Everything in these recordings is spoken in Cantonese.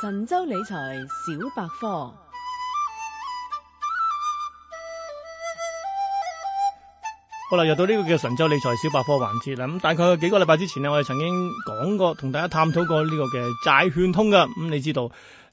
神州理財小百科好啦，又到呢個叫神州理財小百科環節啦。咁、嗯、大概幾個禮拜之前咧，我哋曾經講過，同大家探討過呢個嘅債券通㗎。咁、嗯、你知道，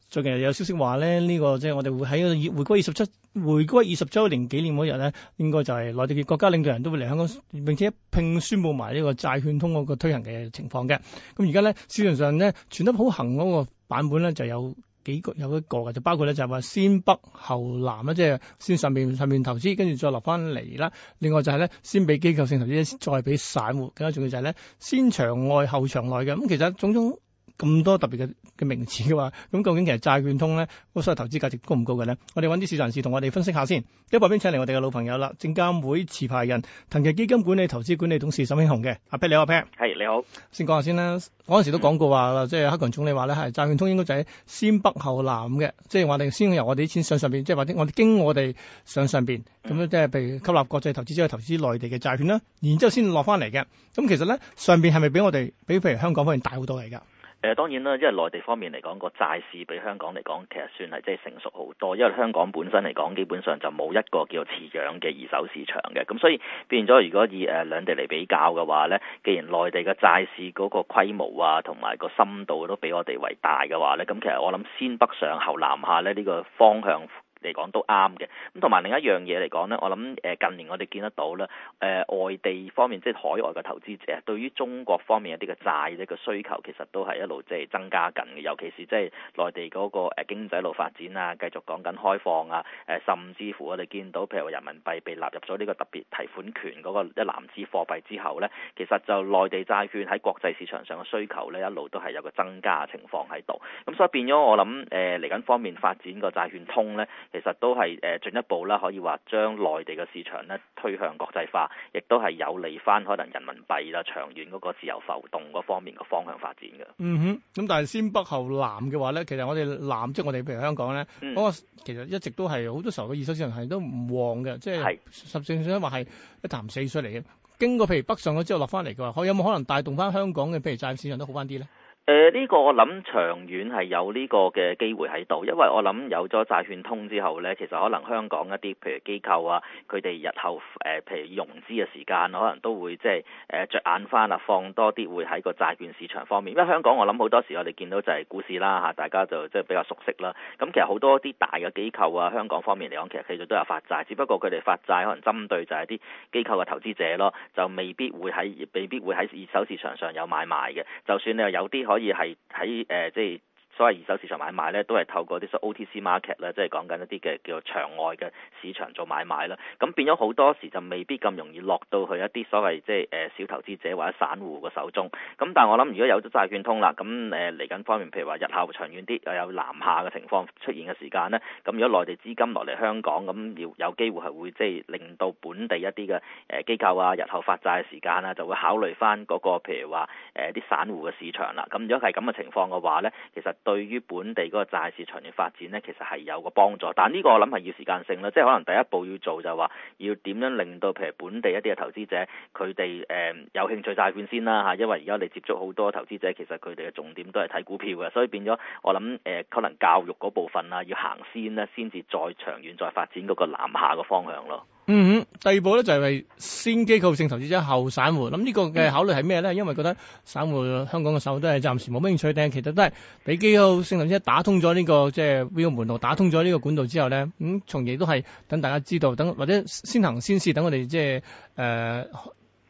最近有消息話咧，這個就是、27, 呢個即係我哋會喺回歸二十七、回歸二十周年紀念嗰日咧，應該就係內地嘅國家領導人都會嚟香港，並且一併宣布埋呢個債券通嗰個推行嘅情況嘅。咁而家咧，市場上咧傳得好行嗰、那個。版本咧就有幾個有一個嘅，就包括咧就係話先北後南啊，即係先上面上面投資，跟住再落翻嚟啦。另外就係咧先俾機構性投資，再俾散戶。咁啊，重要就係咧先場外後場內嘅。咁其實種種。咁多特別嘅嘅名詞嘅話，咁究竟其實債券通咧，所謂投資價值高唔高嘅咧？我哋揾啲市場人士同我哋分析下先。一百邊請嚟我哋嘅老朋友啦，證監會持牌人騰祺基金管理投資管理董事沈慶洪嘅。阿 Peter，你好，阿 Peter。係你好。先講下先啦。嗰陣時都講過話啦，嗯、即係克強總理話咧，係債券通應該就喺先北後南嘅，即係我哋先由我哋啲錢上上邊，即係或者我哋經我哋上上邊咁樣，嗯、即係譬如吸納國際投資者去投資內地嘅債券啦，然之後先落翻嚟嘅。咁其實咧，上邊係咪比我哋比譬如香港可能大好多嚟㗎？誒當然啦，因為內地方面嚟講，個債市比香港嚟講，其實算係即係成熟好多。因為香港本身嚟講，基本上就冇一個叫似樣嘅二手市場嘅。咁所以變咗，如果以誒兩、呃、地嚟比較嘅話呢，既然內地嘅債市嗰個規模啊，同埋個深度都比我哋為大嘅話呢，咁其實我諗先北上後南下呢，呢、呢個方向。嚟講都啱嘅，咁同埋另一樣嘢嚟講呢，我諗誒近年我哋見得到咧，誒、呃、外地方面即係海外嘅投資者對於中國方面一啲嘅債呢個債需求其實都係一路即係增加緊嘅，尤其是即係內地嗰個誒經濟路發展啊，繼續講緊開放啊，誒、呃、甚至乎我哋見到譬如話人民幣被納入咗呢個特別提款權嗰個一籃子貨幣之後呢，其實就內地債券喺國際市場上嘅需求呢，一路都係有個增加嘅情況喺度，咁、嗯、所以變咗我諗誒嚟緊方面發展個債券通呢。其實都係誒進一步啦，可以話將內地嘅市場咧推向國際化，亦都係有利翻可能人民幣啦長遠嗰個自由浮動嗰方面嘅方，方向發展嘅。嗯哼，咁但係先北後南嘅話咧，其實我哋南即係我哋譬如香港咧，嗰個、嗯、其實一直都係好多時候嘅二手市場都唔旺嘅，即係實情想話係一潭死水嚟嘅。經過譬如北上咗之後落翻嚟嘅話，佢有冇可能帶動翻香港嘅譬如債市場都好翻啲咧？誒，呢、呃這個我諗長遠係有呢個嘅機會喺度，因為我諗有咗債券通之後呢，其實可能香港一啲譬如機構啊，佢哋日後誒、呃，譬如融資嘅時間，可能都會即係誒着眼翻啊，放多啲會喺個債券市場方面。因為香港我諗好多時我哋見到就係股市啦吓，大家就即係比較熟悉啦。咁其實好多啲大嘅機構啊，香港方面嚟講，其實佢哋都有發債，只不過佢哋發債可能針對就係啲機構嘅投資者咯，就未必會喺未必會喺二手市場上有買賣嘅。就算你又有啲可可以係喺誒，即係。所謂二手市場買賣咧，都係透過啲所謂 OTC market 啦，即係講緊一啲嘅叫做場外嘅市場做買賣啦。咁變咗好多時就未必咁容易落到去一啲所謂即係誒小投資者或者散戶嘅手中。咁但係我諗，如果有咗債券通啦，咁誒嚟緊方面，譬如話日後長遠啲又有南下嘅情況出現嘅時間咧，咁如果內地資金落嚟香港，咁要有機會係會即係令到本地一啲嘅誒機構啊，日後發債嘅時間啦，就會考慮翻嗰個譬如話誒啲散戶嘅市場啦。咁如果係咁嘅情況嘅話咧，其實對於本地嗰個債市長遠發展呢，其實係有個幫助，但呢個我諗係要時間性啦，即係可能第一步要做就係話要點樣令到譬如本地一啲嘅投資者佢哋誒有興趣債券先啦嚇，因為而家你接觸好多投資者，其實佢哋嘅重點都係睇股票嘅，所以變咗我諗誒、呃、可能教育嗰部分啦，要行先啦，先至再長遠再發展嗰個南下嘅方向咯。嗯、mm。Hmm. 第二步咧就係為先機構性投資者，後散戶。咁呢個嘅考慮係咩咧？因為覺得散戶香港嘅散戶都係暫時冇乜興趣但，其實都係俾機構性投資者打通咗呢、呢個即係呢個門路，打通咗呢個管道之後咧，咁、嗯、從而都係等大家知道，等或者先行先試等我哋即係誒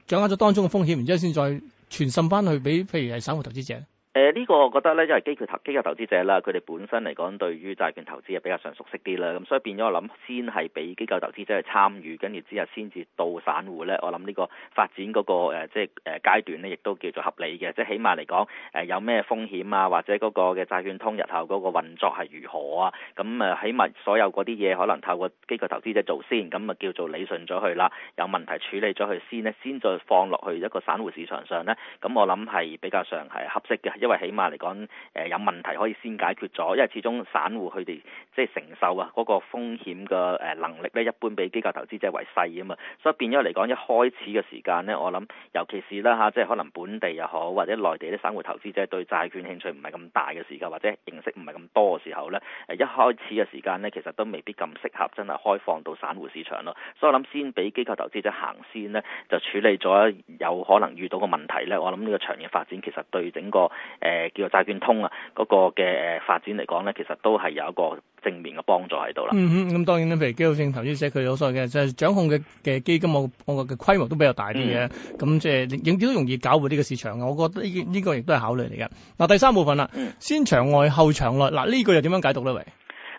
掌握咗當中嘅風險，然之後先再傳送翻去俾譬如係散戶投資者。誒呢個我覺得呢，因為機構投機構投資者啦，佢哋本身嚟講對於債券投資係比較上熟悉啲啦，咁所以變咗我諗，先係俾機構投資者去參與，跟住之後先至到散戶呢。我諗呢個發展嗰、嗰個、呃、即係誒階段呢，亦都叫做合理嘅，即係起碼嚟講誒有咩風險啊，或者嗰個嘅債券通日後嗰個運作係如何啊，咁誒起碼所有嗰啲嘢可能透過機構投資者先做先，咁啊叫做理順咗去啦，有問題處理咗去先呢，先再放落去一個散戶市場上呢。咁我諗係比較上係合適嘅。因為起碼嚟講，誒有問題可以先解決咗，因為始終散戶佢哋即係承受啊嗰個風險嘅誒能力咧，一般比機構投資者為細啊嘛，所以變咗嚟講，一開始嘅時間咧，我諗尤其是啦吓，即係可能本地又好或者內地啲散戶投資者對債券興趣唔係咁大嘅時間，或者認識唔係咁多嘅時候咧，誒一開始嘅時間咧，其實都未必咁適合真係開放到散戶市場咯，所以我諗先俾機構投資者行先咧，就處理咗有可能遇到個問題咧，我諗呢個長遠發展其實對整個。誒叫做債券通啊，嗰個嘅誒發展嚟講咧，其實都係有一個正面嘅幫助喺度啦。嗯哼，咁當然咧，譬如機構性投資者佢所謂嘅，就係、是、掌控嘅嘅基金我我嘅規模都比較大啲嘅，咁即係影都容易搞活呢個市場嘅。我覺得呢呢、嗯就是、個亦都係考慮嚟嘅。嗱第三部分啦，嗯、先場外後場內，嗱、這、呢個又點樣解讀咧？喂？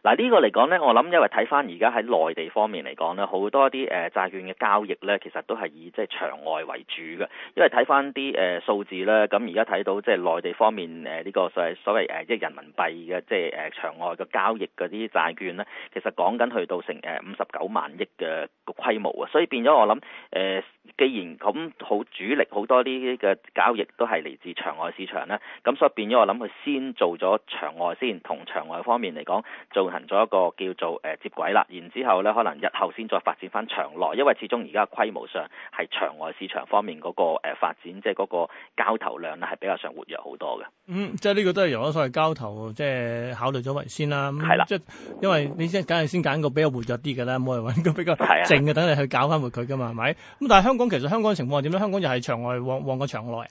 嗱呢個嚟講咧，我諗因為睇翻而家喺內地方面嚟講咧，好多啲誒債券嘅交易咧，其實都係以即係場外為主嘅。因為睇翻啲誒數字咧，咁而家睇到即係內地方面誒呢、呃這個所謂、呃、所謂誒即係人民幣嘅即係誒、呃、場外嘅交易嗰啲債券咧，其實講緊去到成誒五十九萬億嘅個規模啊，所以變咗我諗誒、呃，既然咁好主力好多啲嘅交易都係嚟自場外市場咧，咁所以變咗我諗佢先做咗場外先，同場外方面嚟講做。進行咗一個叫做誒接軌啦，然之後咧可能日後先再發展翻場內，因為始終而家規模上係場外市場方面嗰個誒發展，即係嗰個交投量咧係比較上活躍好多嘅。嗯，即係呢個都係由我所謂交投即係考慮咗為先啦。係啦的、嗯，即係因為你先，梗係先揀個比較活躍啲嘅啦，冇人揾個比較係啊靜嘅，等的你去搞翻活佢噶嘛，係咪？咁但係香港其實香港情況係點咧？香港又係場外旺旺過場內啊？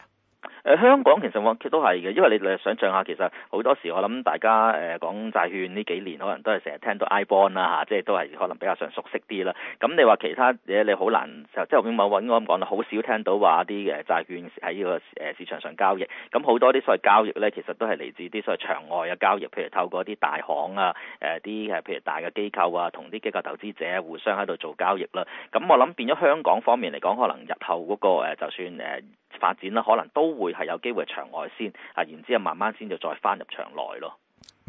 誒香港其實我都係嘅，因為你嚟想像下，其實好多時我諗大家誒、呃、講債券呢幾年，可能都係成日聽到 iBond 啦、啊、嚇、啊，即係都係可能比較上熟悉啲啦。咁、啊嗯、你話其他嘢你好難，就即係我啱啱講啦，好少聽到話啲誒債券喺呢個誒市場上交易。咁、嗯、好、嗯、多啲所謂交易呢，其實都係嚟自啲所謂場外嘅交易，譬如透過啲大行啊，誒、呃、啲譬如大嘅機構啊，同啲機構投資者互相喺度做交易啦。咁、嗯嗯、我諗變咗香港方面嚟講，可能日後嗰、那個就算誒。呃呃呃呃呃呃呃呃發展啦，可能都會係有機會場外先，啊，然之後慢慢先至再翻入場內咯。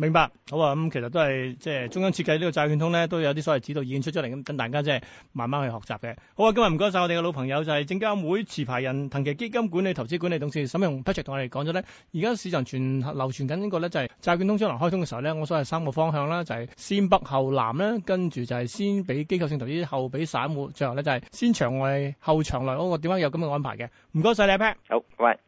明白，好啊，咁其實都係即係中央設計呢個債券通咧，都有啲所謂指導意見出咗嚟，咁等大家即係慢慢去學習嘅。好啊，今日唔該晒我哋嘅老朋友就係證監會持牌人騰其基金管理投資管理董事沈慶洪 Patrick 同我哋講咗咧，而家市場傳流傳緊呢個咧就係、是、債券通將來開通嘅時候咧，我所謂三個方向啦，就係、是、先北後南啦，跟住就係先俾機構性投資，後俾散戶，最後咧就係先場外後場內。我點解有咁嘅安排嘅？唔該晒你 Patrick。好，拜。